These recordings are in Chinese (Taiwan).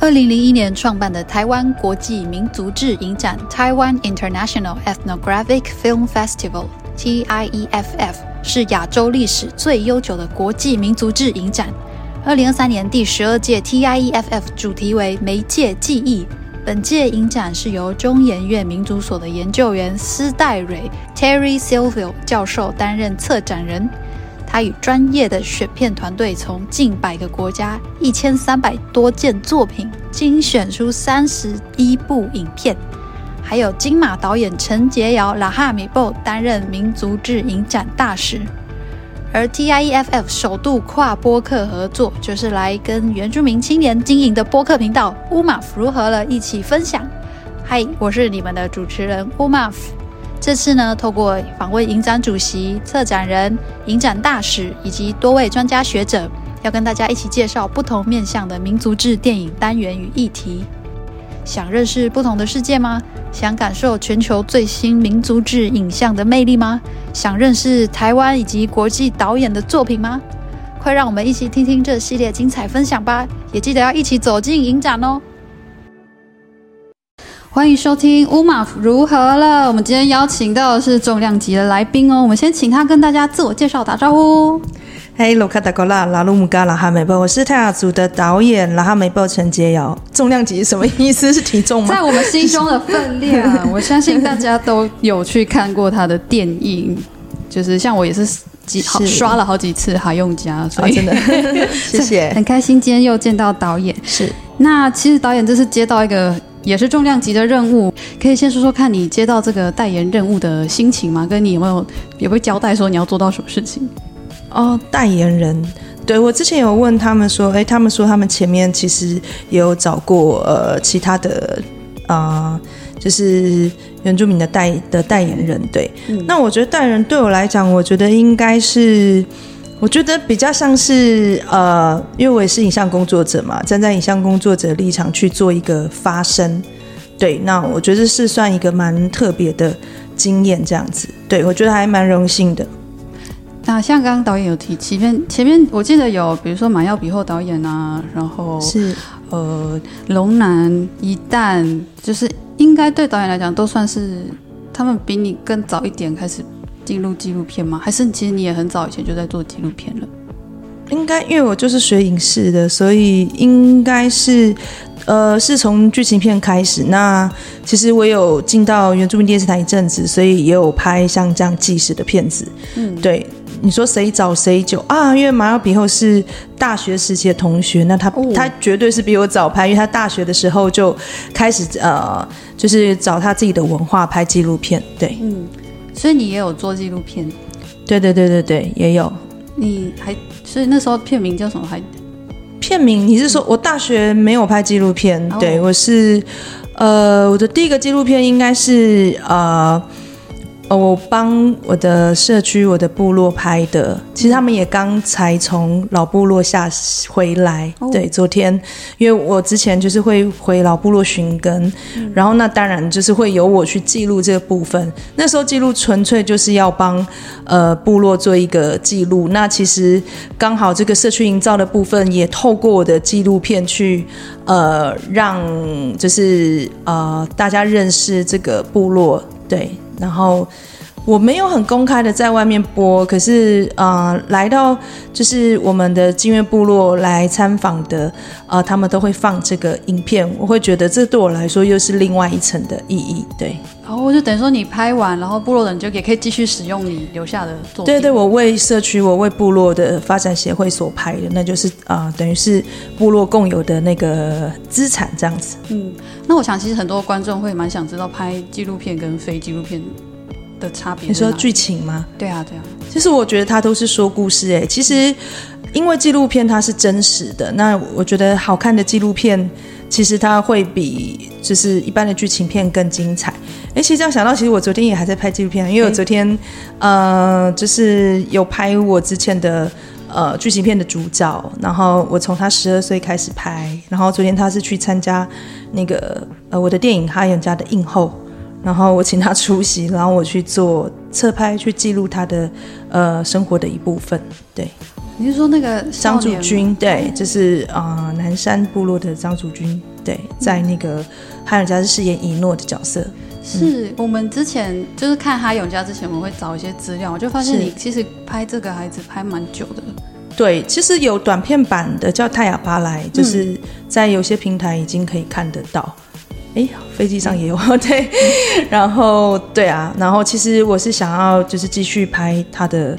二零零一年創辦的台灣國際民族誌影展 （Taiwan International Ethnographic Film Festival，TIEFF） 是亞洲歷史最悠久的國際民族誌影展。二零二三年第十二屆 TIEFF 主題為“媒介記憶”，本屆影展是由中研院民族所的研究員司黛蕊 （Teri Silvio） 教授擔任策展人。他與專業的選片團隊從近百個國家一千三百多件作品精選出三十一部影片，還有金馬導演陳潔瑤 Laha Mebow 擔任民族誌影展大使，而 TIEFF 首度跨播客合作，就是來跟原住民青年經營的播客頻道 Umav 如何了一起分享。嗨，我是你們的主持人 Umav。這次呢，透過訪問影展主席、策展人、影展大使以及多位專家學者，要跟大家一起介紹不同面向的民族誌電影單元與議題。想認識不同的世界嗎？想感受全球最新民族誌影像的魅力嗎？想認識台灣以及國際導演的作品嗎？快讓我們一起聽聽這系列精彩分享吧！也記得要一起走進影展哦。歡迎收聽 Umav 如何了！我們今天邀請到的是重量級的來賓哦。我們先請他跟大家自我介紹、打招呼。嘿，盧卡達科拉拉魯姆加拉哈梅波，我是泰雅族的導演拉哈梅波陳潔瑤。重量級是什麼意思？是體重嗎？在我們心中的分量是我相信大家都有去看過他的電影， 就是像我也是幾刷了好幾次還用加，所以，oh, 真的 所以謝謝，很開心今天又見到導演。是那其實導演這是接到一個。也是重量級的任務，可以先說說看你接到這個代言任務的心情嗎？跟你有沒有也會交代說你要做到什麼事情？哦，代言人，對，我之前有問他們說，誒、欸，他們說他們前面其實也有找過呃其他的啊、呃，就是原住民的代的代言人。對，嗯、那我覺得代言人對我來講，我覺得應該是。我覺得比較像是呃，因為我也是影像工作者嘛，站在影像工作者的立場去做一個發聲，對，那我覺得是算一個蠻特別的經驗這樣子，對，我覺得還蠻榮幸的。那像剛剛導演有提起，前面我記得有，比如說馬躍比吼導演啊，然後是呃龍男一旦就是應該對導演來講都算是他們比你更早一點開始。進入紀錄片嗎？還是其實你也很早以前就在做紀錄片了？應該，因為我就是學影視的，所以應該是呃，是從劇情片開始。那其實我有進到原住民電視台一陣子，所以也有拍像這樣紀實的片子。嗯，對，你說誰早誰久啊？因為馬躍比吼是大學時期的同學，那他、哦、他絕對是比我早拍，因為他大學的時候就開始呃，就是找他自己的文化拍紀錄片。對，嗯。所以你也有做紀錄片，對對對對對，也有。你還所以那時候片名叫什麼還？還片名？你是說我大學沒有拍紀錄片？嗯。對我是，呃，我的第一個紀錄片應該是呃。我幫我的社區、我的部落拍的。其實他們也剛才從老部落下回來。哦、對，昨天，因為我之前就是會回老部落尋根，嗯、然後那當然就是會由我去記錄這個部分。那時候記錄純粹就是要幫呃部落做一個記錄。那其實剛好這個社區營造的部分也透過我的紀錄片去呃讓就是呃大家認識這個部落。對，然後，我沒有很公開的在外面播，可是呃，來到就是我們的金岳部落來參訪的呃，他們都會放這個影片。我會覺得這對我來說又是另外一層的意義。對，我、哦、就等於說你拍完，然後部落人就也可以繼續使用你留下的作品。對、對，對我為社區，我為部落的發展協會所拍的，那就是呃，等於是部落共有的那個資產這樣子。嗯，那我想其實很多觀眾會蠻想知道拍紀錄片跟非紀錄片。的差別，你說劇情嗎？對啊，對啊。其實我覺得他都是說故事、欸，哎，其實因為紀錄片它是真實的，那我，我覺得好看的紀錄片其實它會比就是一般的劇情片更精彩。哎，其實這樣想到，其實我昨天也還在拍紀錄片，因為我昨天、欸、呃，就是有拍我之前的呃劇情片的主角，然後我從他十二歲開始拍，然後昨天他是去參加那個呃我的電影《哈勇家》的映後。然後我請他出席，然後我去做側拍，去記錄他的，呃，生活的一部分。對，你是說那個張祖君？對，就是啊、呃，南山部落的張祖君。對，在那個、嗯、哈勇家是飾演以諾的角色。是、嗯、我們之前就是看哈勇家之前，我們會找一些資料，我就發現你其實拍這個孩子拍蠻久的。對，其實有短片版的叫《泰雅巴萊》，就是在有些平台已經可以看得到。嗯哎，飛機上也有對。然後對啊，然後其實我是想要就是繼續拍他的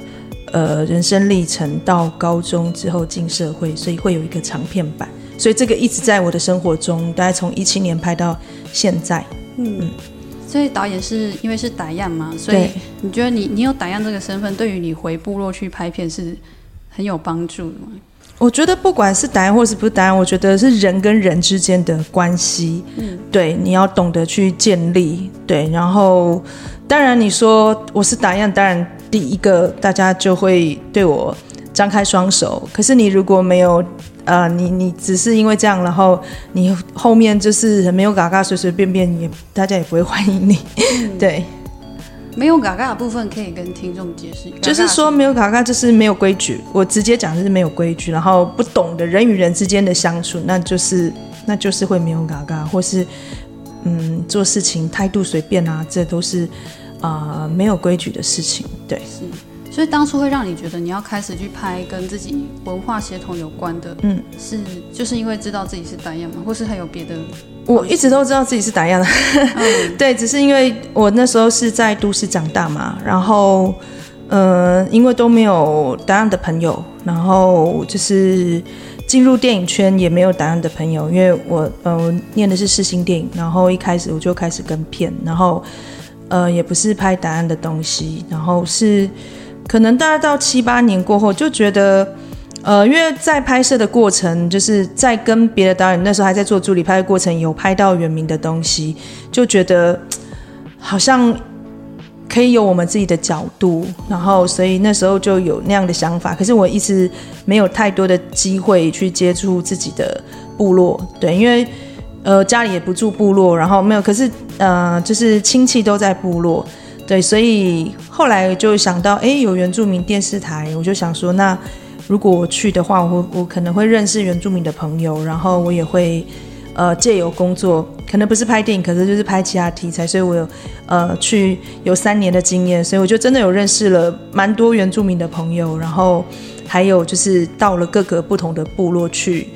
呃人生歷程，到高中之後進社會，所以會有一個長片版，所以這個一直在我的生活中，大概從一七年拍到現在，嗯，所以導演是因為是泰雅嘛，所以你覺得你你有泰雅這個身份，對於你回部落去拍片是很有幫助的嗎？我覺得不管是答案或是不是答案，我覺得是人跟人之間的關係。嗯，對，你要懂得去建立，對。然後，當然你說我是答案，當然第一個大家就會對我張開雙手。可是你如果沒有，呃，你你只是因為這樣，然後你後面就是很沒有嘎嘎，隨隨便便也大家也不會歡迎你，嗯、對。沒有嘎嘎的部分可以跟聽眾解釋？就是說沒有嘎嘎，就是沒有規矩。我直接講就是沒有規矩，然後不懂的人與人之間的相處，那就是那就是會沒有嘎嘎，或是嗯做事情態度隨便啊，這都是啊、呃、沒有規矩的事情。對，是。所以當初會讓你覺得你要開始去拍跟自己文化協同有關的，嗯，是就是因為知道自己是單眼，或是還有別的？我一直都知道自己是泰雅的，嗯， 對，只是因為我那時候是在都市長大嘛，然後，呃，因為都沒有泰雅的朋友，然後就是進入電影圈也沒有泰雅的朋友，因為我，呃，唸的是世新電影，然後一開始我就開始跟片，然後，呃，也不是拍泰雅的東西，然後是可能大概到七八年過後就覺得。呃，因為在拍攝的過程，就是在跟別的導演那時候還在做助理拍的過程，有拍到原民的東西，就覺得好像可以有我們自己的角度，然後所以那時候就有那樣的想法。可是我一直沒有太多的機會去接觸自己的部落，對，因為呃家裡也不住部落，然後沒有，可是呃就是親戚都在部落，對，所以後來就想到，哎、欸，有原住民電視台，我就想說那。如果我去的話，我我可能會認識原住民的朋友，然後我也會，呃，借由工作，可能不是拍電影，可是就是拍其他題材，所以我有，呃，去有三年的經驗，所以我就真的有認識了蠻多原住民的朋友，然後還有就是到了各個不同的部落去，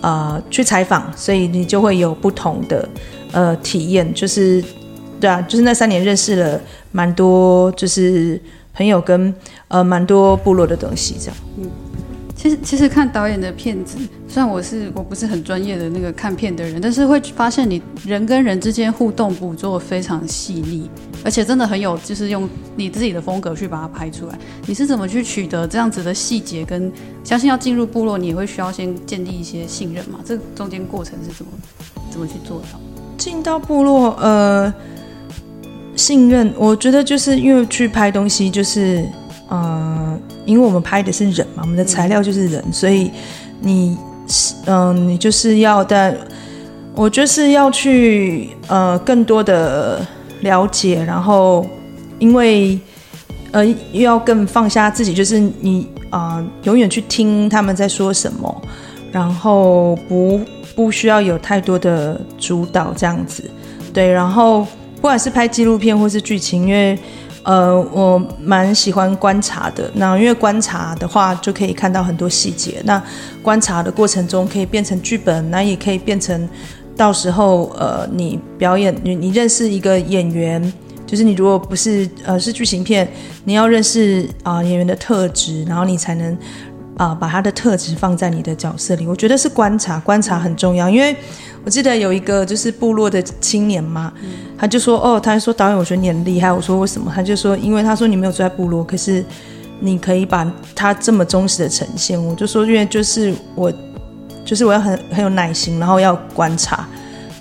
啊、呃，去採訪，所以你就會有不同的，呃，體驗，就是，對啊，就是那三年認識了蠻多，就是朋友跟，呃，蠻多部落的東西這樣，嗯。其實，其實看導演的片子，雖然我是我不是很專業的那個看片的人，但是會發現你人跟人之間互動捕捉，非常細膩，而且真的很有，就是用你自己的風格去把它拍出來。你是怎麼去取得這樣子的細節？跟相信要進入部落，你也會需要先建立一些信任嘛？這中間過程是怎麼怎麼去做到？進到部落，呃，信任，我覺得就是因為去拍東西，就是呃……因為我們拍的是人嘛，我們的材料就是人，嗯、所以你嗯、呃，你就是要在，但我就是要去呃更多的了解，然後因為呃又要更放下自己，就是你啊、呃、永遠去聽他們在說什麼，然後不不需要有太多的主導這樣子，對，然後不管是拍紀錄片或是劇情，因為。呃，我蠻喜歡觀察的。那因為觀察的話，就可以看到很多細節。那觀察的過程中，可以變成劇本，那也可以變成到時候呃，你表演，你你認識一個演員，就是你如果不是呃是劇情片，你要認識啊、呃、演員的特質，然後你才能。啊、呃，把他的特質放在你的角色裡，我覺得是觀察，觀察很重要。因為，我記得有一個就是部落的青年嘛，嗯、他就說：“哦，他還說導演，我覺得你很厲害。”我說：“為什麼？”他就說：“因為他說你沒有住在部落，可是你可以把他這麼忠實的呈現。”我就說：“因為就是我，就是我要很很有耐心，然後要觀察。”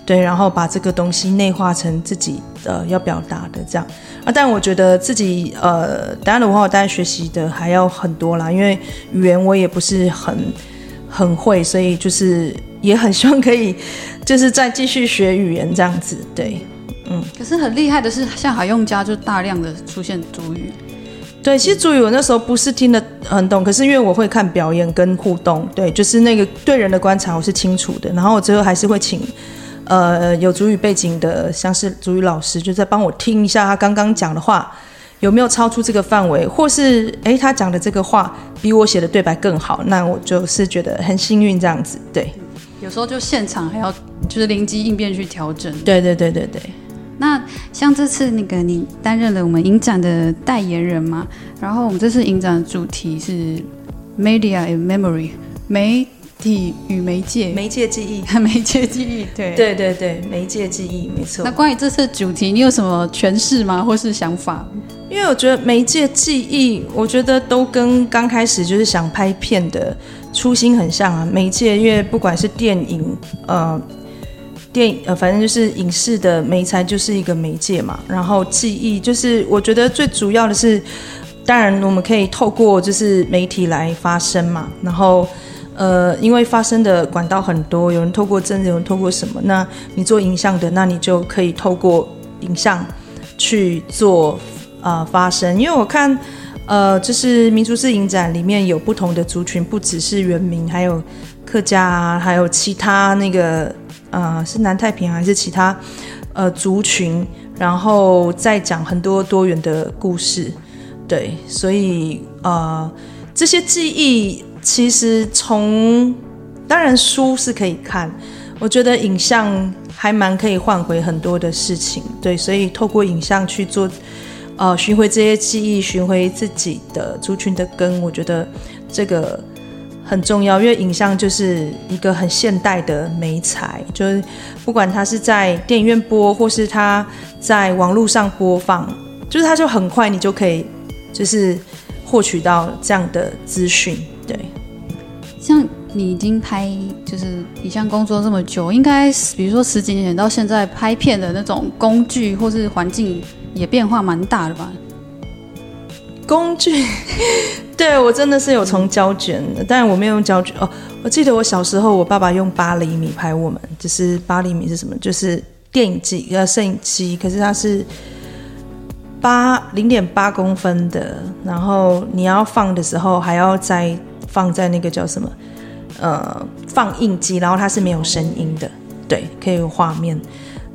對，然後把這個東西內化成自己呃要表達的這樣啊，但我覺得自己呃，我當然的話，大家學習的還要很多啦，因為語言我也不是很很會，所以就是也很希望可以，就是再繼續學語言這樣子。對，嗯。可是很厲害的是，像在哈勇家就大量的出現族語。對，其實族語我那時候不是聽得很懂，可是因為我會看表演跟互動，對，就是那個對人的觀察我是清楚的，然後我最後還是會請。呃，有族語背景的，像是族語老師，就在幫我聽一下他剛剛講的話，有沒有超出這個範圍，或是哎，他講的這個話比我寫的對白更好，那我就是覺得很幸運這樣子。對，有時候就現場還要就是靈機應變去調整。對對對對對。那像這次那個你擔任了我們影展的代言人嘛？然後我們這次影展的主題是 Media and Memory、May。媒體與媒介，媒介記憶， 媒介記憶，對，對對對，媒介記憶，沒錯。那關於這次主題，你有什麼詮釋嗎？或是想法？因為我覺得媒介記憶，我覺得都跟剛開始就是想拍片的初心很像啊。媒介，因為不管是電影，呃，電影，呃，反正就是影視的媒材就是一個媒介嘛。然後記憶，就是我覺得最主要的是，當然我們可以透過就是媒體來發聲嘛。然後。呃，因為發聲的管道很多，有人透過針，有人透過什麼？那你做影像的，那你就可以透過影像去做啊、呃、發聲，因為我看，呃，就是民族誌影展裡面有不同的族群，不只是原民，還有客家，還有其他那個呃，是南太平還是其他呃族群，然後再講很多多元的故事。對，所以呃，這些記憶。其實從當然書是可以看，我覺得影像還蠻可以換回很多的事情，對，所以透過影像去做，呃，尋回這些記憶，尋回自己的族群的根，我覺得這個很重要，因為影像就是一個很現代的媒材，就是不管它是在電影院播，或是它在網絡上播放，就是它就很快你就可以就是獲取到這樣的資訊，對。像你已經拍，就是你像工作這麼久，應該比如說十幾年到現在拍片的那種工具或是環境也變化蠻大的吧？工具， 對我真的是有從膠卷的，嗯、但我沒有用膠卷哦。我記得我小時候，我爸爸用八厘米拍我們，就是八厘米是什麼？就是電影機呃攝影機，可是它是八零點八公分的，然後你要放的時候還要再。放在那個叫什麼，呃，放映機，然後它是沒有聲音的，對，可以有畫面。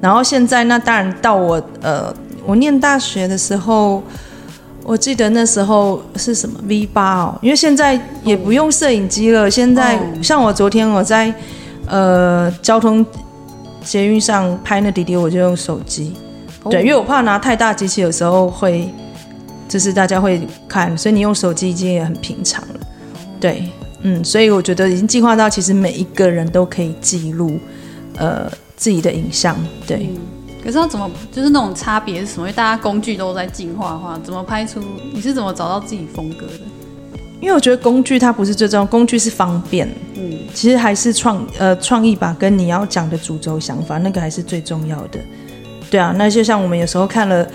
然後現在那當然到我呃，我念大學的時候，我記得那時候是什麼 V8 哦，因為現在也不用攝影機了。Oh. 現在像我昨天我在呃交通捷運上拍那滴滴，我就用手機，oh. 對，因為我怕拿太大機器的時候，會就是大家會看，所以你用手機已經也很平常了。對，嗯，所以我覺得已經進化到其實每一個人都可以記錄，呃，自己的影像。對，嗯，可是他怎麼就是那種差別是什麼？因為大家工具都在進化的話，怎麼拍出？你是怎麼找到自己風格的？因為我覺得工具它不是最重要，工具是方便。嗯，其實還是創呃創意吧，跟你要講的主軸想法那個還是最重要的。對啊，那就像我們有時候看了。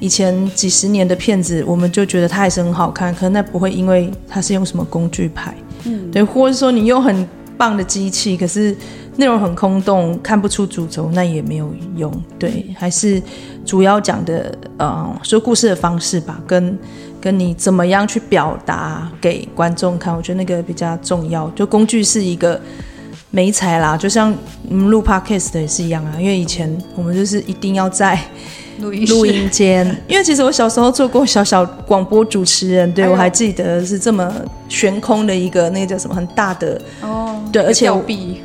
以前幾十年的片子，我們就覺得它還是很好看，可能那不會因為它是用什麼工具拍，嗯，對，或者說你用很棒的機器，可是內容很空洞，看不出主軸，那也沒有用，對，還是主要講的嗯、呃，說故事的方式吧，跟跟你怎麼樣去表達給觀眾看，我覺得那個比較重要。就工具是一個媒材啦，就像錄 podcast 的也是一樣啊，因為以前我們就是一定要在。錄音錄音間，是因為其實我小時候做過小小廣播主持人， 對我還記得是這麼懸空的一個那個，叫什麼很大的哦，對，而且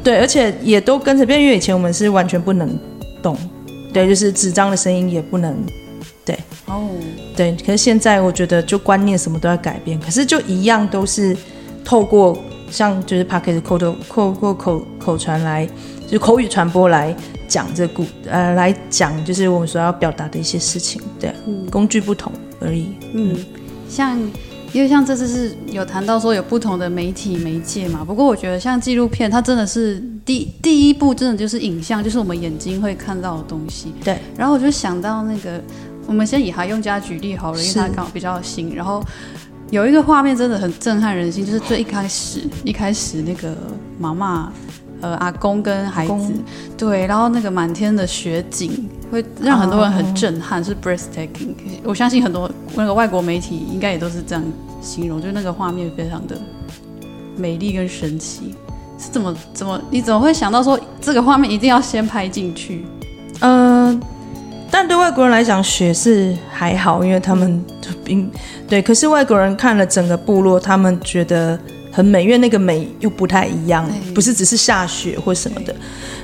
對，而且也都跟着變，因為以前我們是完全不能動，對，就是紙張的聲音也不能對哦，對，可是現在我覺得就觀念什麼都要改變，可是就一樣都是透過像就是 podcast 的口口口口口傳來，就口語傳播來。講這故呃來講，就是我們所要表達的一些事情，對，嗯、工具不同而已。嗯，嗯，像因為像這次是有談到說有不同的媒體媒介嘛，不過我覺得像紀錄片，它真的是第第一步，真的就是影像，就是我們眼睛會看到的東西。對，然後我就想到那個，我們先以哈勇家舉例好了，因為它剛好比較新。是然後有一個畫面真的很震撼人心，就是最一開始哇一開始那個媽媽。呃，阿公跟孩子，公對，然後那個滿天的雪景會讓很多人很震撼，啊、是 breathtaking。Aking, 我相信很多那個外國媒體應該也都是這樣形容，就是那個畫面非常的美麗跟神奇。是怎麼怎麼你怎麼會想到說這個畫面一定要先拍進去？呃，但對外國人來講，雪是還好，因為他們就冰、嗯、對。可是外國人看了整個部落，他們覺得。很美，因為那個美又不太一樣，不是只是下雪或什麼的。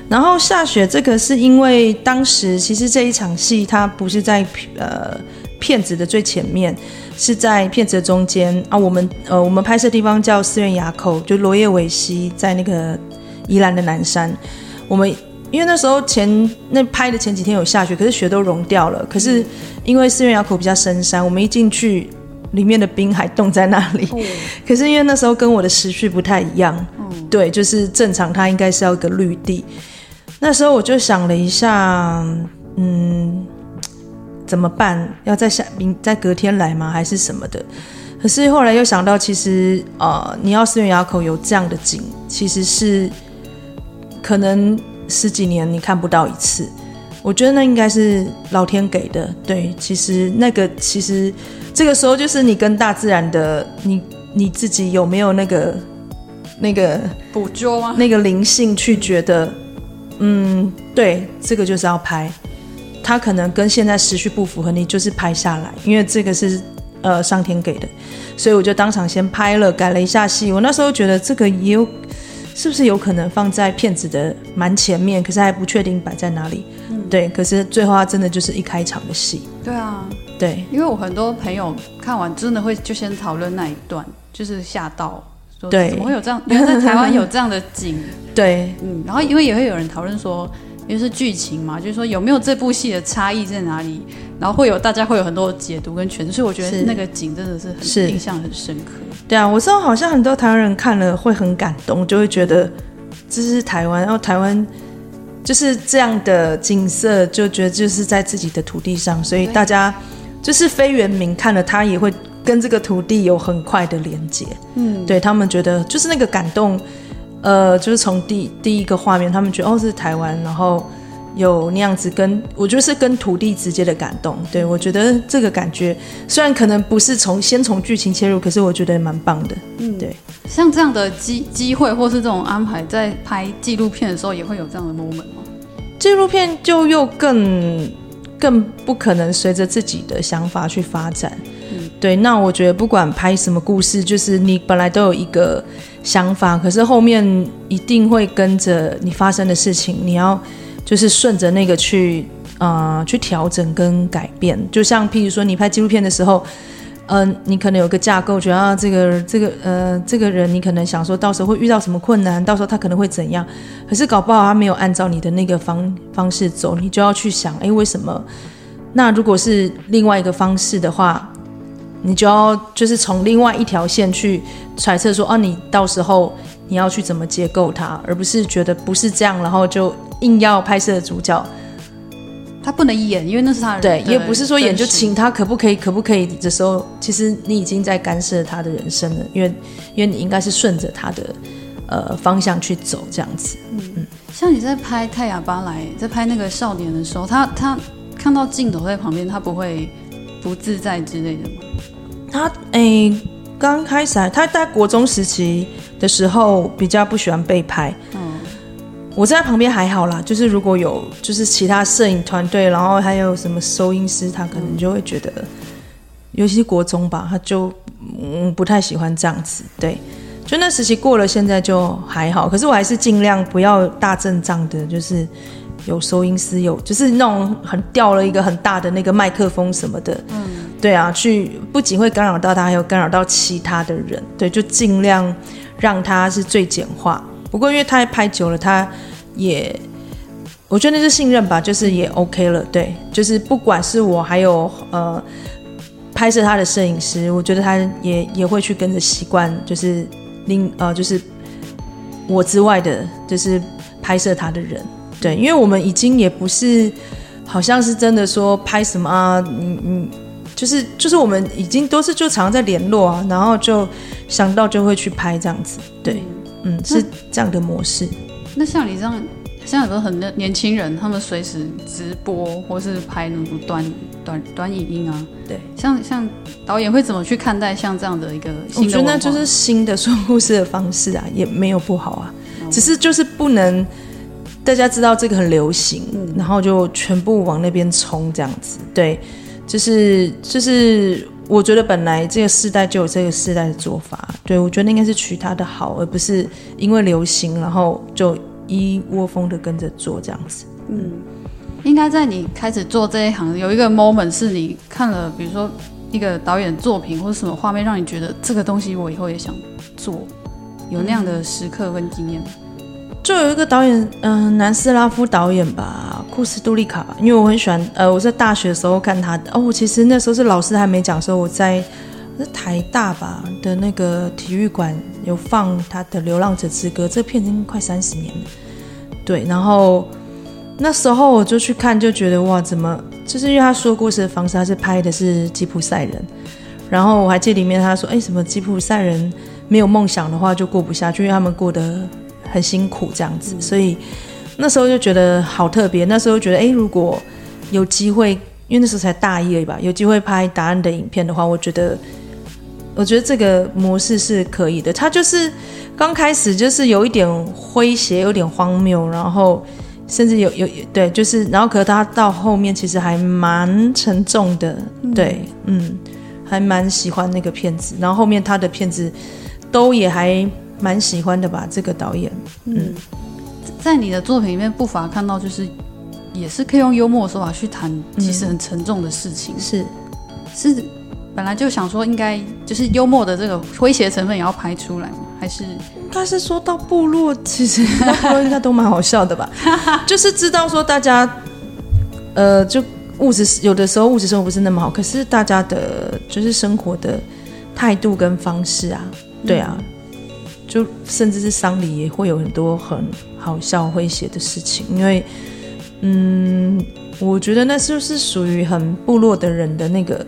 然後下雪這個是因為當時其實這一場戲它不是在呃片子的最前面，是在片子的中間啊。我們呃我們拍攝的地方叫思源埡口，就羅葉尾溪在那個宜蘭的南山。我們因為那時候前那拍的前幾天有下雪，可是雪都融掉了。嗯、可是因為思源埡口比較深山，我們一進去。裡面的冰還凍在那裡，嗯、可是因為那時候跟我的時序不太一樣，嗯、對，就是正常它應該是要一個綠地。那時候我就想了一下，嗯，怎麼辦？要再下，再隔天來嗎？還是什麼的？可是後來又想到，其實呃，你要思源埡口有這樣的景，其實是可能十幾年你看不到一次。我覺得那應該是老天給的。對，其實那個其實。這個時候就是你跟大自然的，你你自己有沒有那個那個捕捉啊？那個靈性去覺得，嗯，對，這個就是要拍。他可能跟現在時序不符合，你就是拍下來，因為這個是呃上天給的，所以我就當場先拍了，改了一下戲。我那時候覺得這個也有，是不是有可能放在片子的蠻前面？可是還不確定擺在哪裡。嗯，對，可是最後他真的就是一開場的戲。對啊。對，因為我很多朋友看完真的會就先討論那一段，就是嚇到，對，怎麼會有這樣？原來在台灣有這樣的景， 對，嗯。然後因為也會有人討論說，因為是劇情嘛，就是說有沒有這部戲的差異在哪裡？然後會有大家會有很多解讀跟詮釋。就是、我覺得那個景真的是很，印象很深刻。對啊，我之後好像很多台灣人看了會很感動，就會覺得這是台灣，然後台灣就是這樣的景色，就覺得就是在自己的土地上，所以大家。就是非原民看了，他也會跟這個土地有很快的連接。嗯，對他們覺得就是那個感動，呃，就是從第第一個畫面，他們覺得哦是台灣，然後有那樣子跟，我覺得是跟土地直接的感動。對我覺得這個感覺，雖然可能不是從先從劇情切入，可是我覺得蠻棒的。嗯，對，像這樣的機機會或是這種安排，在拍紀錄片的時候也會有這樣的 moment 嗎？紀錄片就又更。更不可能隨着自己的想法去發展，嗯、對。那我覺得不管拍什麼故事，就是你本來都有一個想法，可是後面一定會跟着你發生的事情，你要就是順着那個去啊、呃、去調整跟改變。就像譬如說你拍紀錄片的時候。嗯、呃，你可能有個架構，覺得、啊、這個這個呃，這個人你可能想說到時候會遇到什麼困難，到時候他可能會怎樣。可是搞不好他沒有按照你的那個方方式走，你就要去想，哎，為什麼？那如果是另外一個方式的話，你就要就是從另外一條線去揣測說，哦、啊，你到時候你要去怎麼結構他，而不是覺得不是這樣，然後就硬要拍攝主角。他不能演，因為那是他的對，對也不是說演就請，他可不可以，實可不可以的時候，其實你已經在干涉他的人生了，因為，因為你應該是順着他的呃方向去走這樣子。嗯嗯，嗯像你在拍《泰雅巴萊》在拍那個少年的時候，他他看到鏡頭在旁邊，他不會不自在之類的嗎？他哎，剛開始他，在國中時期的時候，比較不喜歡被拍。嗯我在他旁邊還好啦，就是如果有就是其他攝影團隊，然後還有什麼收音師，他可能就會覺得，尤其是國中吧，他就嗯不太喜歡這樣子，對，就那時期過了，現在就還好。可是我還是盡量不要大陣仗的，就是有收音師，有就是那種很掉了一個很大的那個麥克風什麼的，嗯，對啊，去不僅會干擾到他，還有干擾到其他的人，對，就盡量讓他是最簡化。不過，因為他拍久了，他也，我覺得那是信任吧，就是也 OK 了，對，就是不管是我還有呃，拍攝他的攝影師，我覺得他也也會去跟着習慣，就是另呃，就是我之外的，就是拍攝他的人，對，因為我們已經也不是，好像是真的說拍什麼啊，嗯嗯，就是就是我們已經都是就常在聯絡啊，然後就想到就會去拍這樣子，對，嗯，是。嗯這樣的模式，那像你這樣，像很多很多年輕人，他們隨時直播或是拍那種短短短影音啊，對，像像導演會怎麼去看待像這樣的一個新的？我覺得那就是新的說故事的方式啊，也沒有不好啊，哦、只是就是不能大家知道這個很流行，然後就全部往那邊衝這樣子，對，就是就是。我覺得本來這個世代就有這個世代的做法，對，我覺得應該是取他的好，而不是因為流行然後就一窩蜂的跟着做這樣子。嗯，應該在你開始做這一行，有一個 moment 是你看了，比如說一個導演作品或者什麼畫面，讓你覺得這個東西我以後也想做，有那樣的時刻跟經驗？嗯。就有一個導演，嗯、呃，南斯拉夫導演吧，庫斯杜利卡吧，因為我很喜歡，呃，我在大學的時候看他的，哦，我其實那時候是老師還沒講的時候，我在台大吧的那個體育館有放他的《流浪者之歌》，這片已經快三十年了，對，然後那時候我就去看，就覺得哇，怎麼？就是因為他說故事的方式，他是拍的是吉普賽人，然後我還記得裡面他說，哎，什麼吉普賽人沒有夢想的話就過不下去，因為他們過得。很辛苦這樣子，嗯、所以那時候就覺得好特別。那時候覺得，哎、欸，如果有機會，因為那時候才大一而已吧，有機會拍《答案》的影片的話，我覺得，我覺得這個模式是可以的。他就是剛開始就是有一點詼諧，有點荒謬，然後甚至有有對，就是然後，可是他到後面其實還蠻沉重的。嗯、對，嗯，還蠻喜歡那個片子。然後後面他的片子都也還。蠻喜歡的吧，這個導演。嗯，在你的作品裡面不乏看到，就是也是可以用幽默的說法去談其實很沉重的事情。是、嗯、是，是本來就想說應該就是幽默的這個詼諧成分也要拍出來，還是應該是說到部落，其實應該都蠻好笑的吧？ 就是知道說大家呃，就物質有的時候物質生活不是那麼好，可是大家的就是生活的態度跟方式啊，嗯、對啊。就甚至是喪禮也會有很多很好笑詼諧的事情，因為，嗯，我覺得那就是，是屬於很部落的人的那個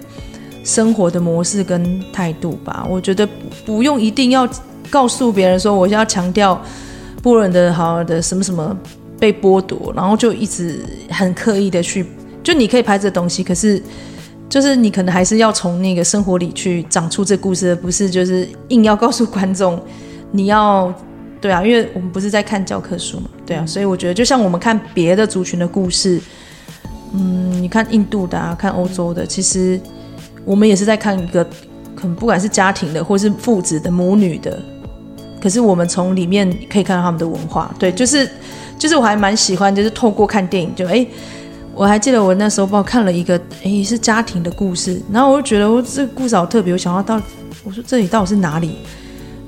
生活的模式跟態度吧。我覺得不用一定要告訴別人說我要強調部落的好的什麼什麼被剝奪，然後就一直很刻意的去就你可以拍這東西，可是就是你可能還是要從那個生活裡去講出這個故事，而不是就是硬要告訴觀眾。你要對啊，因為我們不是在看教科書嘛，對啊，所以我覺得就像我們看別的族群的故事，嗯，你看印度的啊，看歐洲的，其實我們也是在看一個，可能不管是家庭的，或是父子的、母女的，可是我們從裡面可以看到他們的文化，對，就是就是我還蠻喜歡，就是透過看電影，就哎，我還記得我那時候看了一個，哎，是家庭的故事，然後我就覺得我這個故事好特別，我想要到到，我說這裡到底是哪裡？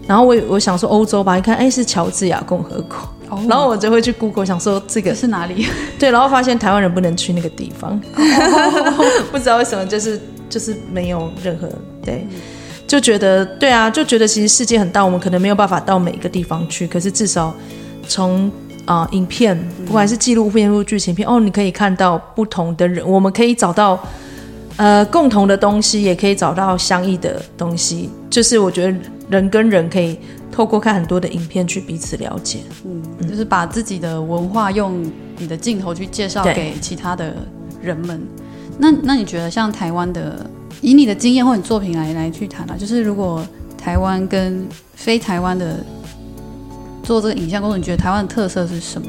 然後我我想說歐洲吧，一看,看，哎，是喬治亞共和國。哦、然後我就會去 Google 想說這個這是哪裡？對，然後發現台灣人不能去那個地方， 哦哦哦哦、不知道為什麼，就是就是沒有任何對，就覺得對啊，就覺得其實世界很大，我們可能沒有辦法到每一個地方去。可是至少從啊、呃、影片，不管是紀錄片或、嗯、劇情片，哦，你可以看到不同的人，我們可以找到呃共同的東西，也可以找到相異的東西，就是我覺得。人跟人可以透過看很多的影片，去彼此了解，嗯，嗯，就是把自己的文化用你的鏡頭去介紹給其他的人們。對那那你覺得像台灣的，以你的經驗或你作品來來去談啊，就是如果台灣跟非台灣的做這個影像工作，你覺得台灣的特色是什麼？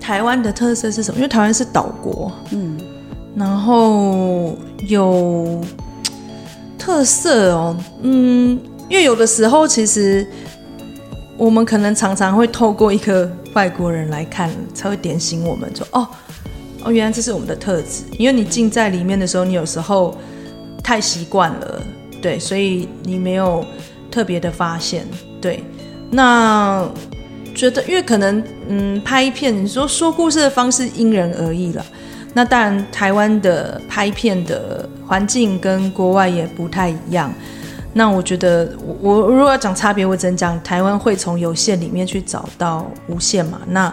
台灣的特色是什麼？因為台灣是島國，嗯，然後有特色哦、喔，嗯。因為有的時候，其實我們可能常常會透過一個外國人來看，才會點醒我們，說：“哦，哦，原來這是我們的特質。”因為你浸在裡面的時候，你有時候太習慣了，對，所以你沒有特別的發現。對，那覺得，因為可能，嗯，拍片，你說說故事的方式因人而異了。那當然，台灣的拍片的環境跟國外也不太一樣。那我覺得，我如果要講差別，我只能講，台灣會從有限裡面去找到無限嘛，那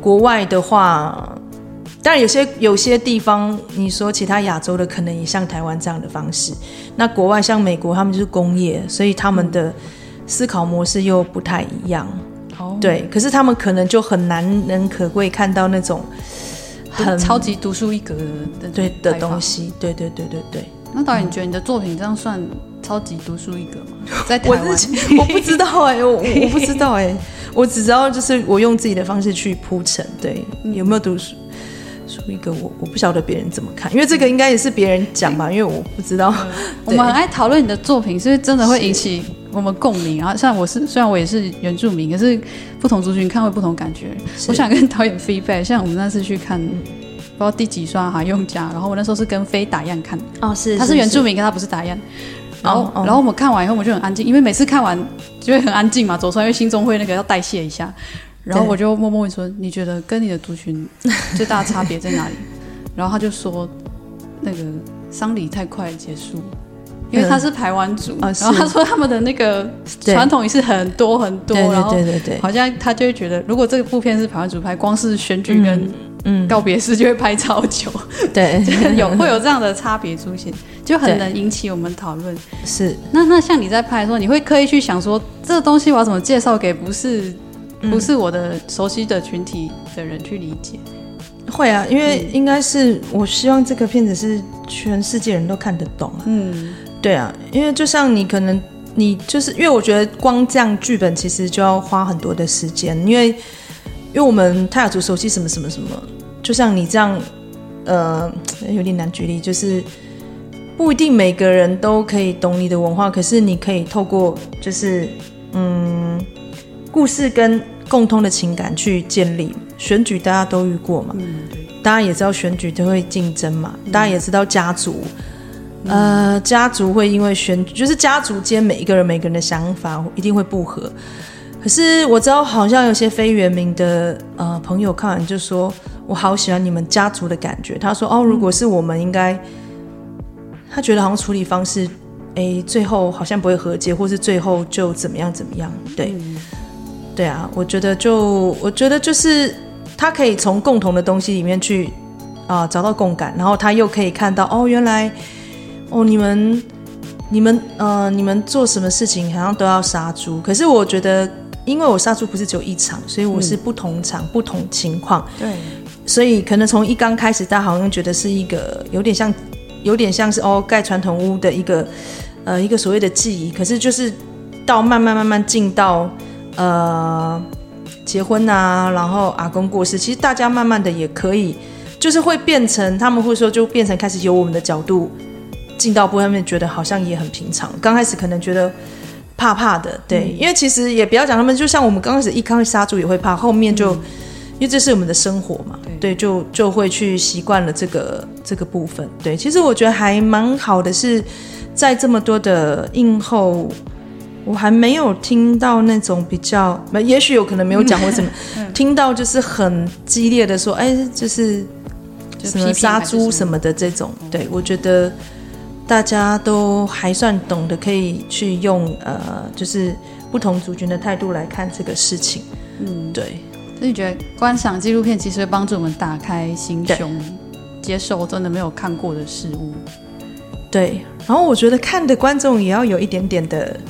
國外的話，當然有些有些地方，你說其他亞洲的可能也像台灣這樣的方式。那國外像美國，他們就是工業，所以他們的思考模式又不太一樣。哦、嗯，對，可是他們可能就很難能可貴看到那種很超級獨樹一格的對的東西。對對對對對,對,對。那導演，你覺得你的作品這樣算超級獨樹一格嗎？在台灣，我不知道哎、欸，我不知道哎、欸，我只知道就是我用自己的方式去鋪陳，對，有沒有獨樹樹一格，我我不曉得別人怎麼看，因為這個應該也是別人講吧，因為我不知道。對對我們很愛討論你的作品，所以真的會引起我們共鳴。然後，像我是，雖然我也是原住民，可是不同族群看會不同感覺。是我想跟導演 feedback，像我們那次去看。不知道第幾刷哈勇家。然後我那時候是跟非泰雅看，哦是，是他是原住民，跟他不是泰雅，然後、哦哦、然後我們看完以後我們就很安靜，因為每次看完就會很安靜嘛，走出來因為心中會那個要代謝一下，然後我就默默問說，對你覺得跟你的族群最大的差別在哪裡？ 然後他就說那個喪禮太快結束，因為他是排灣族，嗯、然後他說他們的那個傳統儀式很多很多，對對對對，好像他就會覺得如果這個部片是排灣族拍，光是選舉跟、嗯嗯，告別式就會拍超久，對， 有會有這樣的差別出現，就很能引起我們討論。是對，那那像你在拍的時候，你會刻意去想說，這個東西我要怎麼介紹給不是、嗯、不是我的熟悉的群體的人去理解？嗯、會啊，因為應該是我希望這個片子是全世界人都看得懂、啊。嗯，對啊，因為就像你可能你就是因為我覺得光這樣劇本其實就要花很多的時間，因為。因為我們泰雅族熟悉什麼什麼什麼，就像你這樣，呃，有點難舉例，就是不一定每個人都可以懂你的文化，可是你可以透過就是嗯故事跟共通的情感去建立。選舉大家都遇過嘛，嗯、大家也知道選舉都會競爭嘛，大家也知道家族，嗯、呃，家族會因為選舉就是家族間每一個人每個人的想法一定會不合。可是我知道，好像有些非原民的呃朋友看完就說：“我好喜歡你們家族的感覺。”他說：“哦，如果是我們，應該他覺得好像處理方式，哎，最後好像不會和解，或是最後就怎麼樣怎麼樣。”對，嗯、對啊，我覺得就我覺得就是他可以從共同的東西裡面去啊、呃、找到共感，然後他又可以看到哦，原來哦你們你們呃你們做什麼事情好像都要殺豬，可是我覺得。因為我殺豬不是只有一場，所以我是不同場、嗯、不同情況。對，所以可能從一剛開始，大家好像覺得是一個有點像，有點像是哦蓋傳統屋的一個，呃一個所謂的記憶。可是就是到慢慢慢慢進到呃結婚啊，然後阿公過世，其實大家慢慢的也可以，就是會變成他們會說就變成開始由我們的角度進到部外面，他們覺得好像也很平常。剛開始可能覺得。怕怕的，對，嗯、因為其實也不要講他們，就像我們剛開始一開始殺豬也會怕，後面就，嗯、因為這是我們的生活嘛，對,對，就就會去習慣了這個這個部分，對，其實我覺得還蠻好的，是在這麼多的映後，我還沒有聽到那種比較，也許有可能沒有講過什麼，嗯、聽到就是很激烈的說，哎、欸，就是什麼殺豬什麼的這種，對我覺得。大家都還算懂得可以去用呃，就是不同族群的態度來看這個事情。嗯，對。所以你覺得觀賞紀錄片其實幫助我們打開心胸對，接受我真的沒有看過的事物。嗯、對。然後我覺得看的觀眾也要有一點點的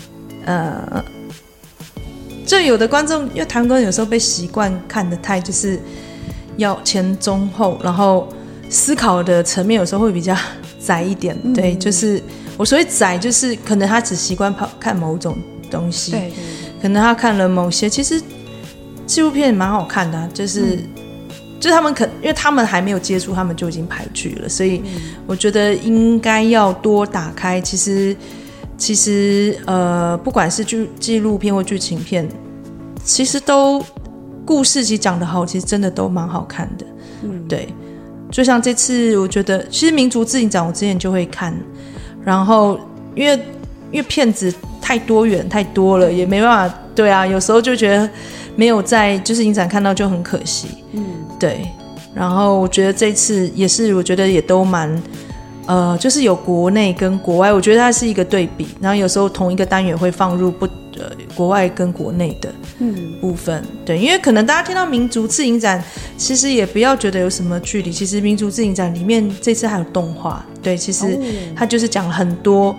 呃，就有的觀眾，因為台灣觀眾有時候被習慣看得太，就是要前中後，然後思考的層面有時候會比較窄一點，對，嗯、就是我所謂窄，就是可能他只習慣跑，看某種東西，對，對，對，可能他看了某些，其實紀錄片蠻好看的，啊，就是，嗯、就他們可，因為他們還沒有接觸，他們就已經排劇了，所以、嗯、我覺得應該要多打開。其實，其實，呃，不管是劇紀錄片或劇情片，其實都故事其實講得好，其實真的都蠻好看的，嗯、對。就像這次，我覺得其實民族誌影展我之前就會看，然後因為因為片子太多元太多了，也沒辦法。對啊，有時候就覺得沒有在就是影展看到就很可惜。嗯，對。然後我覺得這次也是，我覺得也都蠻呃，就是有國內跟國外，我覺得它是一個對比。然後有時候同一個單元會放入不。國外跟國內的嗯部分，對，因為可能大家聽到民族誌影展，其實也不要覺得有什麼距離。其實民族誌影展裡面這次還有動畫，對，其實它就是講很多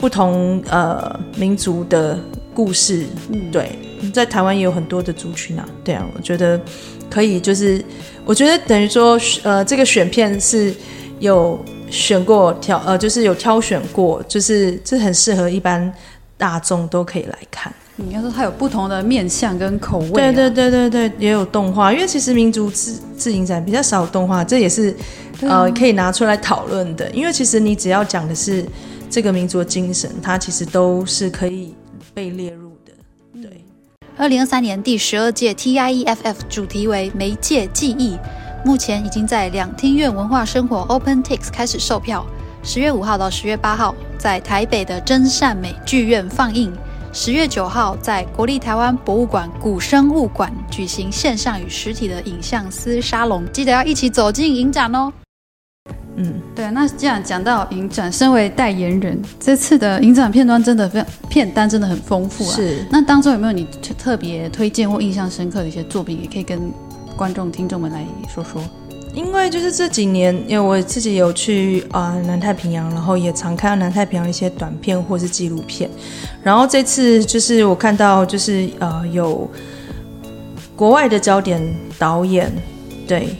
不同呃民族的故事，嗯，對，在台灣也有很多的族群啊，對啊，我覺得可以，就是我覺得等於說呃這個選片是有選過挑呃，就是有挑選過，就是這很適合一般，大眾都可以來看，你要說它有不同的面向跟口味，啊。對對對對對，也有動畫，因為其實民族誌誌影展比較少動畫，這也是、啊、呃可以拿出來討論的。因為其實你只要講的是這個民族精神，它其實都是可以被列入的。對，二零二三年第十二屆 TIEFF 主題為媒介記憶，目前已經在兩廳院文化生活 OPENTIX 開始售票。十月五號到十月八號，在台北的真善美劇院放映；十月九號，在國立台灣博物館古生物館舉行線上與實體的影像思沙龍。記得要一起走進影展哦。嗯，對，那既然講到影展，身為代言人，這次的影展片段真的非常片單真的很豐富啊。是，那當中有沒有你特別推薦或印象深刻的一些作品，也可以跟觀眾聽眾們來說說。因為就是這幾年，因為我自己有去啊、呃、南太平洋，然後也常看到南太平洋一些短片或是紀錄片，然後這次就是我看到就是呃有國外的焦點導演對，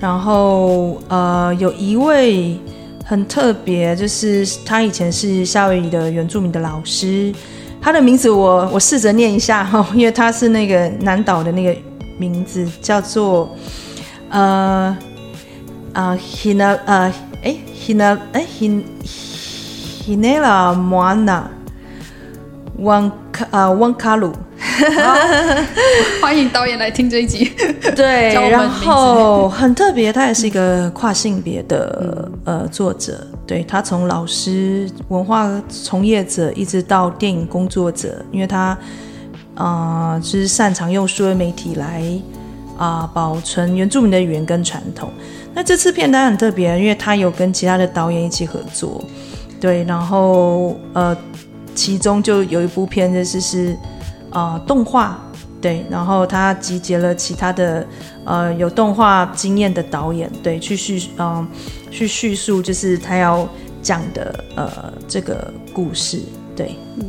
然後呃有一位很特別，就是他以前是夏威夷的原住民的老師，他的名字我我試着念一下，因為他是那個南島的那個名字叫做呃。啊，Hina，呃，哎，Hina，哎，H，Hinela Moana，旺卡，呃，旺卡魯，歡迎導演來聽這一集。對，然後 很特別，他也是一個跨性別的、嗯、呃作者，對，他從老師、文化從業者一直到電影工作者，因為他啊、呃就是擅長用數位媒體來啊、呃、保存原住民的語言跟傳統。那這次片單很特別，因為他有跟其他的導演一起合作，對，然後呃，其中就有一部片就是是呃動畫，對，然後他集結了其他的呃有動畫經驗的導演，對，去敘嗯、呃、去敘述就是他要講的呃這個故事，對，嗯，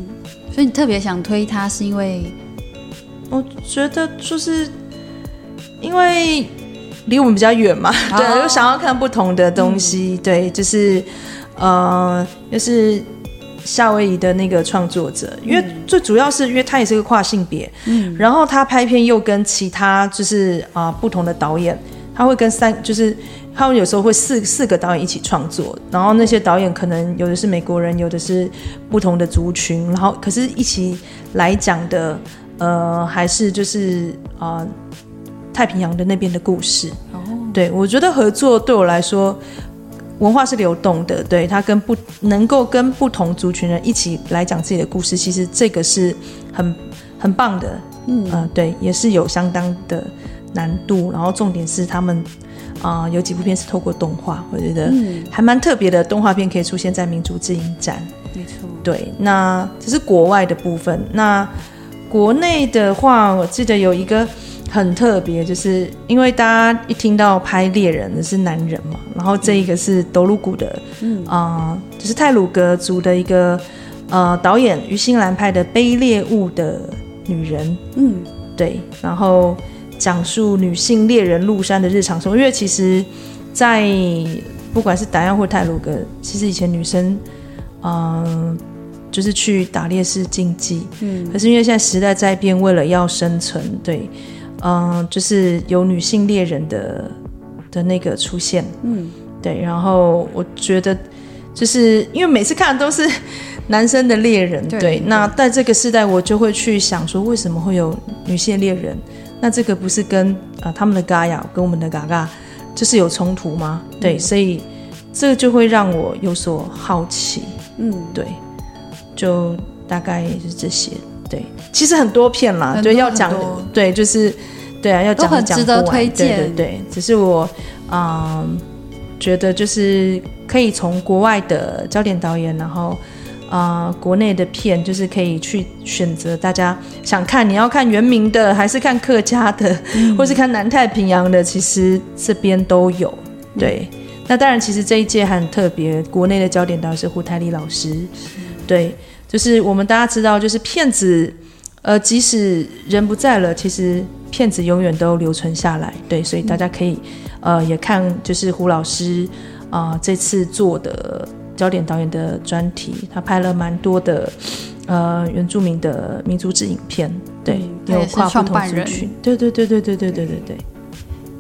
所以你特別想推他是因為我覺得就是因為。離我們比較遠嘛，oh. 對，又想要看不同的東西，嗯、對，就是，呃，就是夏威夷的那個創作者，因為最主要是，因為他也是個跨性別，嗯，然後他拍片又跟其他就是啊、呃、不同的導演，他會跟三，就是他們有時候會四四個導演一起創作，然後那些導演可能有的是美國人，有的是不同的族群，然後可是一起來講的，呃，還是就是啊。呃太平洋的那邊的故事，哦、對我覺得合作對我來說，文化是流動的，對它跟不能夠跟不同族群人一起來講自己的故事，其實這個是很很棒的，嗯、呃、對，也是有相當的難度。然後重點是他們啊、呃，有幾部片是透過動畫，我覺得還蠻特別的。動畫片可以出現在民族誌影展，沒錯錯。對，那這是國外的部分。那國內的話，我記得有一個。很特別，就是因為大家一聽到拍獵人的是男人嘛，然後這一個是德魯固的，嗯，啊、呃，就是太魯閣族的一個呃導演於新蘭拍的《揹獵物的女人》，嗯，對，然後講述女性獵人入山的日常生活。因為其實，在不管是泰雅或太魯閣，其實以前女生，嗯、呃，就是去打獵是禁忌。嗯，可是因為現在時代在變，為了要生存，對。嗯、呃，就是有女性獵人的的那個出現，嗯，對。然後我覺得，就是因為每次看的都是男生的獵人，對。對那在這個時代，我就會去想說，為什麼會有女性獵人？那這個不是跟啊、呃、他們的嘎呀，跟我們的嘎嘎就是有衝突嗎？嗯、對，所以這個就會讓我有所好奇。嗯，對，就大概也是這些。對，其實很多片嘛，對多，要講，多對，就是。對啊，要講推薦講過來，對對對，只是我，啊、呃，覺得就是可以從國外的焦點導演，然後，呃，國內的片就是可以去選擇，大家想看，你要看原民的，還是看客家的，嗯、或是看南太平洋的，其實這邊都有。對，嗯、那當然，其實這一屆還很特別，國內的焦點導演是胡台麗老師，是對，就是我們大家知道，就是片子，呃，即使人不在了，其實。片子永遠都留存下來，對，所以大家可以，嗯、呃，也看就是胡老師，啊、呃，這次做的焦點導演的專題，他拍了蠻多的，呃，原住民的民族誌影片，對，有對跨不同族群，人對對對對對對對對，對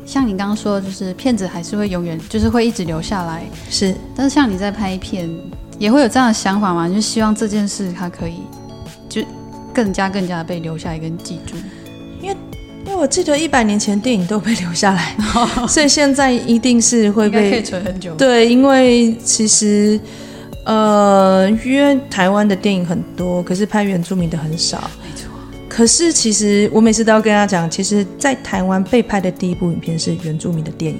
像你剛剛說，就是片子還是會永遠，就是會一直留下來，是，但是像你在拍一片，也會有這樣的想法嗎？就希望這件事它可以，就更加更加的被留下來跟記住。因為我記得一百年前電影都被留下來，哦、所以現在一定是會被可以存很久。對，因為其實呃，因為台灣的電影很多，可是拍原住民的很少。沒錯錯。可是其實我每次都要跟他講，其實，在台灣被拍的第一部影片是原住民的電影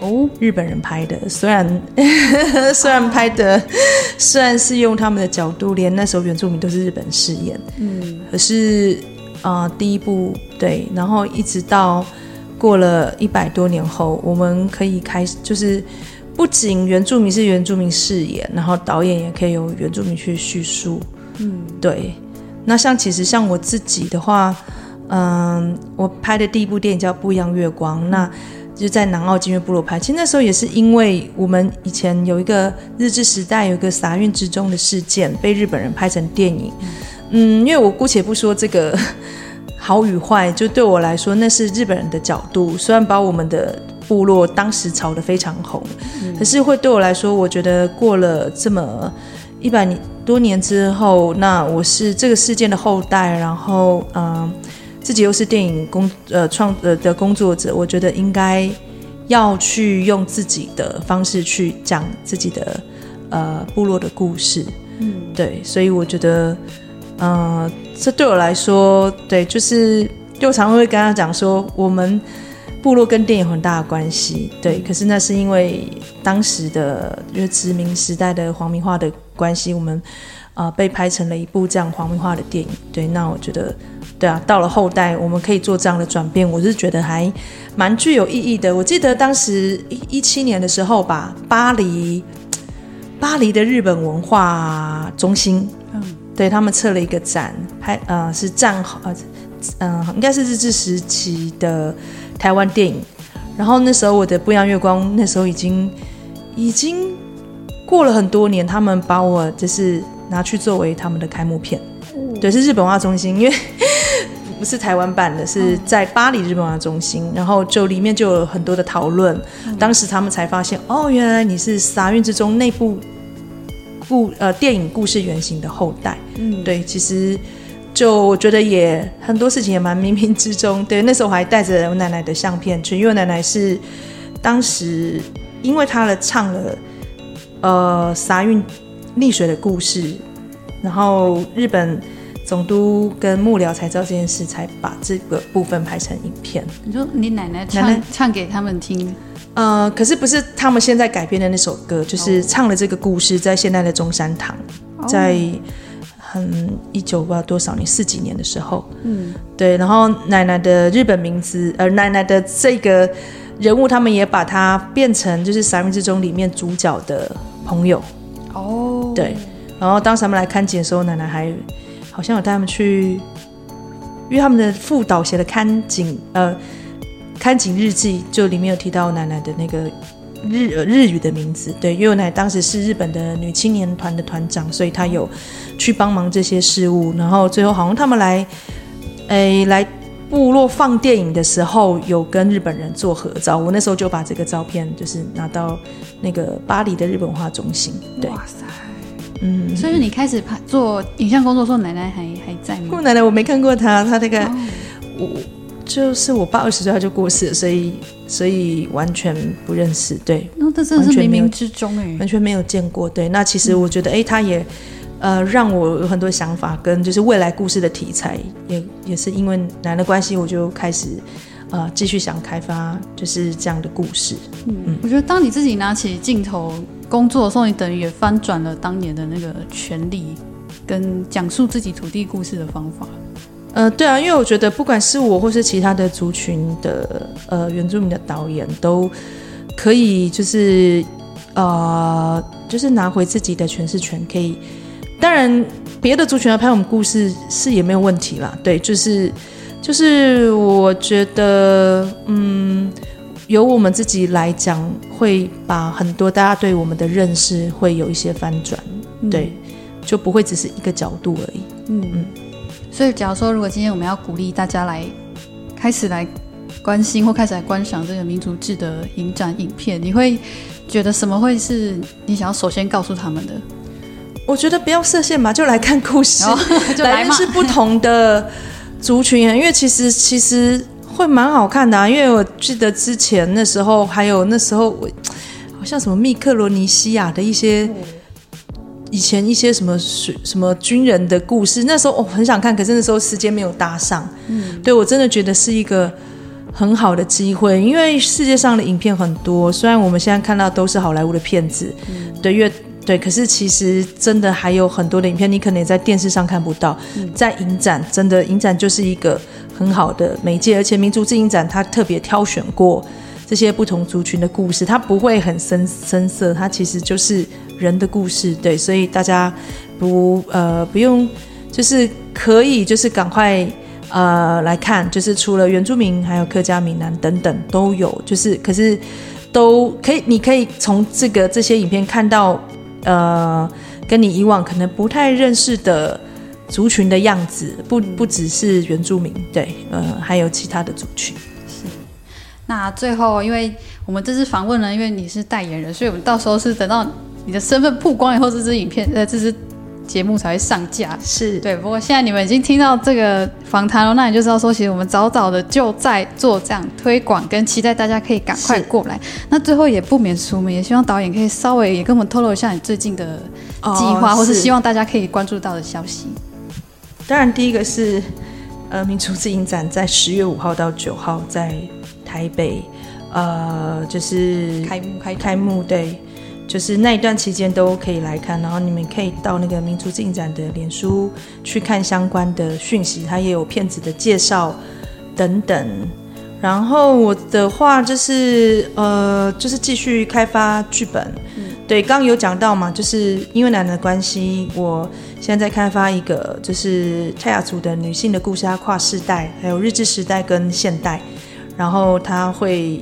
哦，日本人拍的，雖然、啊、雖然拍的雖然是用他們的角度，連那時候原住民都是日本飾演，嗯，可是。啊、呃，第一部對，然後一直到過了一百多年後，我們可以開始就是，不僅原住民是原住民飾演，然後導演也可以由原住民去敘述。嗯，對。那像其實像我自己的話，嗯、呃，我拍的第一部電影叫《不一樣月光》，那就在南澳金岳部落拍。其實那時候也是因為我們以前有一個日治時代有一個莎韻之鐘的事件被日本人拍成電影。嗯嗯，因為我姑且不說這個好與壞，就對我來說，那是日本人的角度。雖然把我們的部落當時炒得非常紅，嗯、可是會對我來說，我覺得過了這麼一百年多年之後，那我是這個事件的後代，然後嗯、呃，自己又是電影工呃創呃的，的工作者，我覺得應該要去用自己的方式去講自己的呃部落的故事。嗯，對，所以我覺得。嗯，這對我來說，對，就是，我常常會跟他講說，我們部落跟電影有很大的關係，對。可是那是因為當時的因為、就是、殖民時代的皇民化的關係，我們啊、呃、被拍成了一部這樣皇民化的電影，對。那我覺得，對啊，到了後代，我們可以做這樣的轉變，我是覺得還蠻具有意義的。我記得當時一一七年的時候吧，把巴黎巴黎的日本文化中心。對他們策了一個展，還呃是戰後呃嗯應該是日治時期的台灣電影，然後那時候我的《不一樣月光》那時候已經已經過了很多年，他們把我就是拿去作為他們的開幕片，嗯、對，是日本文化中心，因為不是台灣版的，是在巴黎日本文化中心，然後就裡面就有很多的討論，當時他們才發現哦，原來你是沙運之中內部。故呃，電影故事原型的後代，嗯，對，其實就我覺得也很多事情也蠻冥冥之中，對，那時候我還帶着我奶奶的相片，因為奶奶是當時因為她的唱了呃，莎韻溺水的故事，然後日本總督跟幕僚才知道這件事，才把這個部分拍成影片。你說你奶奶唱，奶奶唱給他們聽。呃，可是不是他們現在改編的那首歌，oh. 就是唱了這個故事，在現在的中山堂，oh. 在很一九不知道多少年四幾年的時候，嗯，對，然後奶奶的日本名字，呃，奶奶的這個人物，他們也把它變成就是《三分之中》裡面主角的朋友，哦，oh. 對，然後當時他們來看景的時候，奶奶還好像有帶他們去，因為他們的副導寫的看景，呃。看景日記，就裡面有提到奶奶的那個日日語的名字，對，因為我奶奶當時是日本的女青年團的團長，所以她有去幫忙這些事務。然後最後好像他們來，哎、欸，來部落放電影的時候有跟日本人做合照，我那時候就把這個照片就是拿到那個巴黎的日本文化中心。對，哇塞，嗯，所以你開始拍做影像工作的時候，奶奶還還在嗎？我奶奶我沒看過她，她那個、oh. 我。就是我爸二十歲他就過世了，所以所以完全不認識，對。哦、那這真的是冥冥之中哎，完全沒有見過，對。那其實我覺得，哎、嗯，他也，呃，讓我有很多想法，跟就是未來故事的題材，也也是因為男的關係，我就開始，呃，繼續想開發就是這樣的故事。嗯，嗯，我覺得當你自己拿起鏡頭工作的時候，你等於也翻轉了當年的那個權力，跟講述自己土地故事的方法。呃，對啊，因為我覺得，不管是我或是其他的族群的呃原住民的導演，都可以就是啊、呃，就是拿回自己的詮釋權，可以。當然，別的族群要拍我們故事是也沒有問題啦，對，就是就是，我覺得，嗯，由我們自己來講，會把很多大家對我們的認識會有一些翻轉，嗯、對，就不會只是一個角度而已。嗯嗯。嗯所以，假如說，如果今天我們要鼓勵大家來開始來關心或開始來觀賞這個民族志的影展影片，你會覺得什麼會是你想要首先告訴他們的？我覺得不要設限嘛，就來看故事，哦、來，來是不同的族群啊，因為其實其實會蠻好看的、啊。因為我記得之前那時候還有那時候我好像什麼密克羅尼西亞的一些。哦以前一些什麼什麼軍人的故事，那時候我、哦、很想看，可是那時候時間沒有搭上。嗯，對我真的覺得是一個很好的機會，因為世界上的影片很多，雖然我們現在看到都是好萊塢的片子，嗯、對，越對，可是其實真的還有很多的影片你可能也在電視上看不到，嗯、在影展真的影展就是一個很好的媒介，而且民族誌影展它特別挑選過這些不同族群的故事，它不會很深深色，它其實就是。人的故事，對，所以大家不呃不用，就是可以就是趕快呃來看，就是除了原住民，還有客家、閩南等等都有，就是可是都可以，你可以從這個這些影片看到呃，跟你以往可能不太認識的族群的樣子，不不只是原住民，對，嗯、呃，還有其他的族群。是。那最後，因為我們這次訪問呢，因為你是代言人，所以我們到時候是等到。你的身份曝光以後，這支影片呃，這支節目才會上架。是對，不過現在你們已經聽到這個訪談了，那你就知道說，其實我們早早的就在做這樣推廣，跟期待大家可以趕快過來。是那最後也不免俗，也希望導演可以稍微也跟我們透露一下你最近的計劃，哦、是或是希望大家可以關注到的消息。當然，第一個是呃，民族誌影展在十月五號到九號在台北，呃，就是開幕開開幕台對。就是那一段期間都可以來看，然後你們可以到那個民族誌影展的臉書去看相關的訊息，他也有片子的介紹等等。然後我的話就是呃，就是繼續開發劇本。嗯、對，剛剛有講到嘛，就是因為奶奶的關係，我現在在開發一個就是泰雅族的女性的故事，跨世代，還有日治時代跟現代。然後它會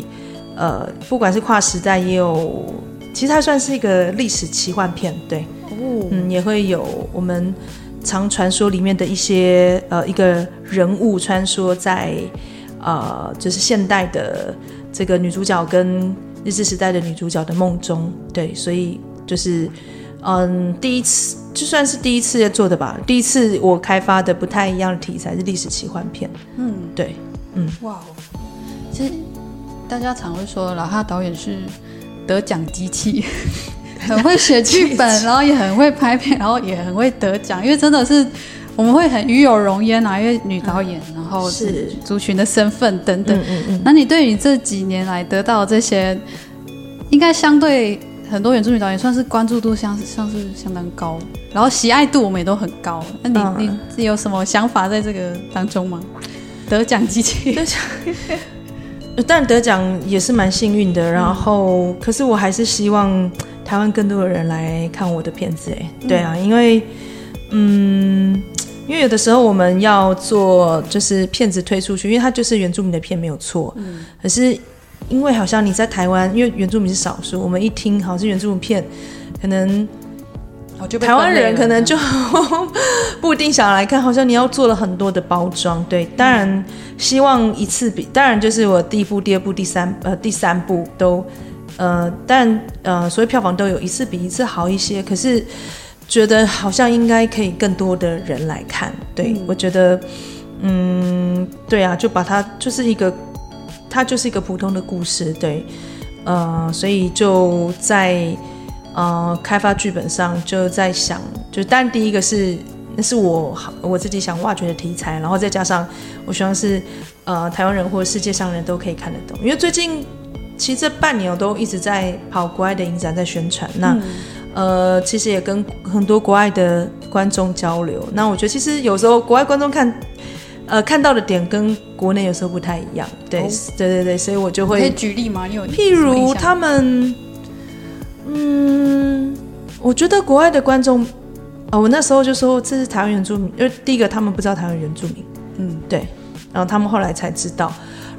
呃，不管是跨時代也有。其實它算是一個歷史奇幻片，對，哦、嗯，也會有我們常傳說裡面的一些呃一個人物穿梭在，呃，就是現代的這個女主角跟日治時代的女主角的夢中，對，所以就是嗯，第一次就算是第一次做的吧，第一次我開發的不太一樣的題材是歷史奇幻片，嗯，對，嗯，哇哦，其實大家常會說 Laha 導演是，得獎機器，很會寫劇本，然後也很會拍片，然後也很會得獎。因為真的是，我們會很與有榮焉啊，因為女導演，嗯、然後是族群的身份等等。嗯嗯，嗯那你對於這幾年來得到這些，應該相對很多原著女導演算是關注度相，是相當高，然後喜愛度我們也都很高。那你、嗯、你有什麼想法在這個當中嗎？得獎機器，得獎。但得獎也是蠻幸運的，然後、嗯、可是我還是希望台灣更多的人來看我的片子，哎，對啊，嗯、因為，嗯，因為有的時候我們要做就是片子推出去，因為它就是原住民的片沒有錯，嗯、可是因為好像你在台灣，因為原住民是少數，我們一聽好像是原住民片，可能。哦、台灣人可能就呵呵不一定想來看，好像你要做了很多的包裝。對，當然希望一次比當然就是我第一部、第二部、第三呃第三部都呃，但呃所以票房都有一次比一次好一些。可是覺得好像應該可以更多的人來看。對、嗯、我覺得，嗯，對啊，就把它就是一個它就是一個普通的故事。對，呃，所以就在。呃，開發劇本上就在想，就但第一個是那是我我自己想挖掘的題材，然後再加上我希望是呃台灣人或者世界上人都可以看得懂，因為最近其實這半年我都一直在跑國外的影展在宣傳，那、嗯、呃其實也跟很多國外的觀眾交流，那我覺得其實有時候國外觀眾看呃看到的點跟國內有時候不太一樣，對、哦、對對對，所以我就會可以舉例嗎？譬如他們。嗯，我覺得國外的觀眾，啊、哦，我那時候就說，這是台灣原住民，因為第一個他們不知道台灣原住民，嗯，對，然後他們後來才知道，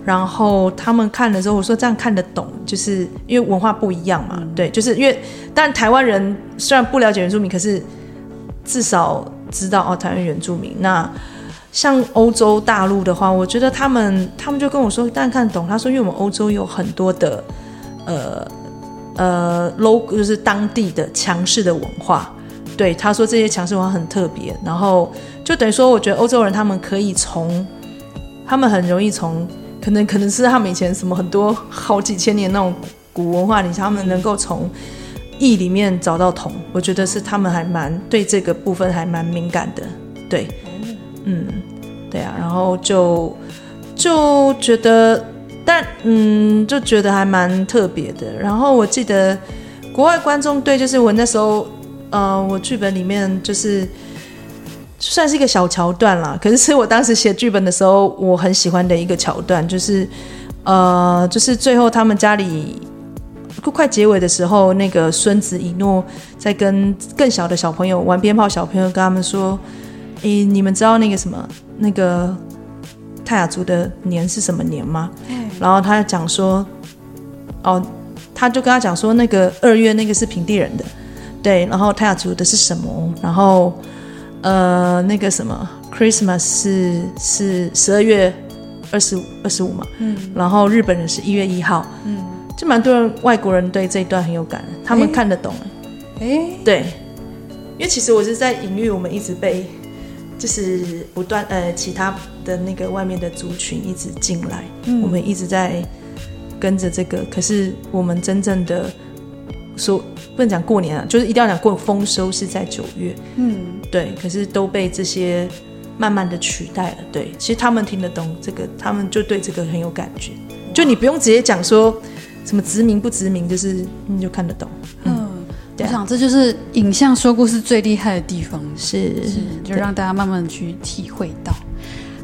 然後他們看了之後，我說這樣看得懂，就是因為文化不一樣嘛，對，就是因為，但台灣人雖然不了解原住民，可是至少知道哦，台灣原住民。那像歐洲大陸的話，我覺得他們他們就跟我說，但看得懂，他說因為我們歐洲有很多的，呃。呃，local 就是當地的強勢的文化，對，他說這些強勢文化很特別，然後就等於說，我覺得歐洲人他們可以從，他們很容易從，可能可能是他們以前什麼很多好幾千年那種古文化裡，他們能夠從意裡面找到同，我覺得是他們還蠻對這個部分還蠻敏感的，對，嗯，對啊，然後就就覺得。但嗯，就覺得還蠻特別的。然後我記得國外觀眾對就是我那時候，呃，我劇本裡面就是就算是一個小橋段啦，可是，是我當時寫劇本的時候，我很喜歡的一個橋段就是，呃，就是最後他們家裡快結尾的時候，那個孫子以諾在跟更小的小朋友玩鞭炮，小朋友跟他們說：“你、欸、你們知道那個什麼那個？”泰雅族的年是什麼年嗎？哎，然後他就講說，哦，他就跟他講說，那個二月那個是平地人的，對，然後泰雅族的是什麼？然後，呃，那個什麼 Christmas 是是十二月二十五二十五嘛？嗯，然後日本人是一月一號，嗯，就蠻多人，外國人對這一段很有感，欸、他們看得懂、欸，哎、欸，對，因為其實我是在隱喻我們一直被。就是不斷呃，其他的那個外面的族群一直進來，嗯、我們一直在跟着這個。可是我們真正的說不能講過年啊，就是一定要講過豐收是在九月。嗯，對。可是都被這些慢慢的取代了。對，其實他們聽得懂這個，他們就對這個很有感覺。就你不用直接講說什麼殖民不殖民，就是你就看得懂。嗯嗯對我想這就是影像說故事最厲害的地方，是是，是，就讓大家慢慢去體會到。對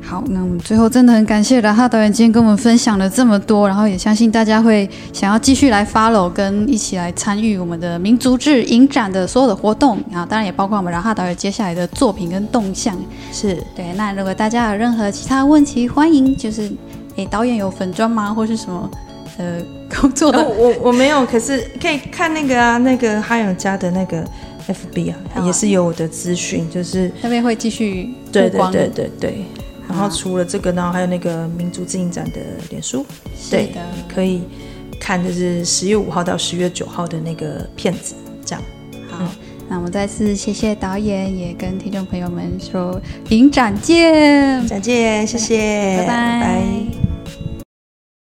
好，那我們最後真的很感謝拉哈導演今天跟我們分享了這麼多，然後也相信大家會想要繼續來 follow 跟一起來參與我們的民族志影展的所有的活動啊，然當然也包括我們拉哈導演接下來的作品跟動向。是對，那如果大家有任何其他問題，歡迎就是誒，導演有粉專嗎，或是什麼？呃，工作的我我沒有，可是可以看那個啊，那個哈勇家的那個 FB 啊，好也是有我的資訊，就是那邊會繼續。對對對對對。然後除了這個呢，還有那個民族誌影展的臉書，的對，可以看，就是十月五號到十月九號的那個片子，這樣。好，嗯、那我們再次謝謝導演，也跟聽眾朋友們說，影展見，再見，謝謝，拜拜。拜拜拜拜。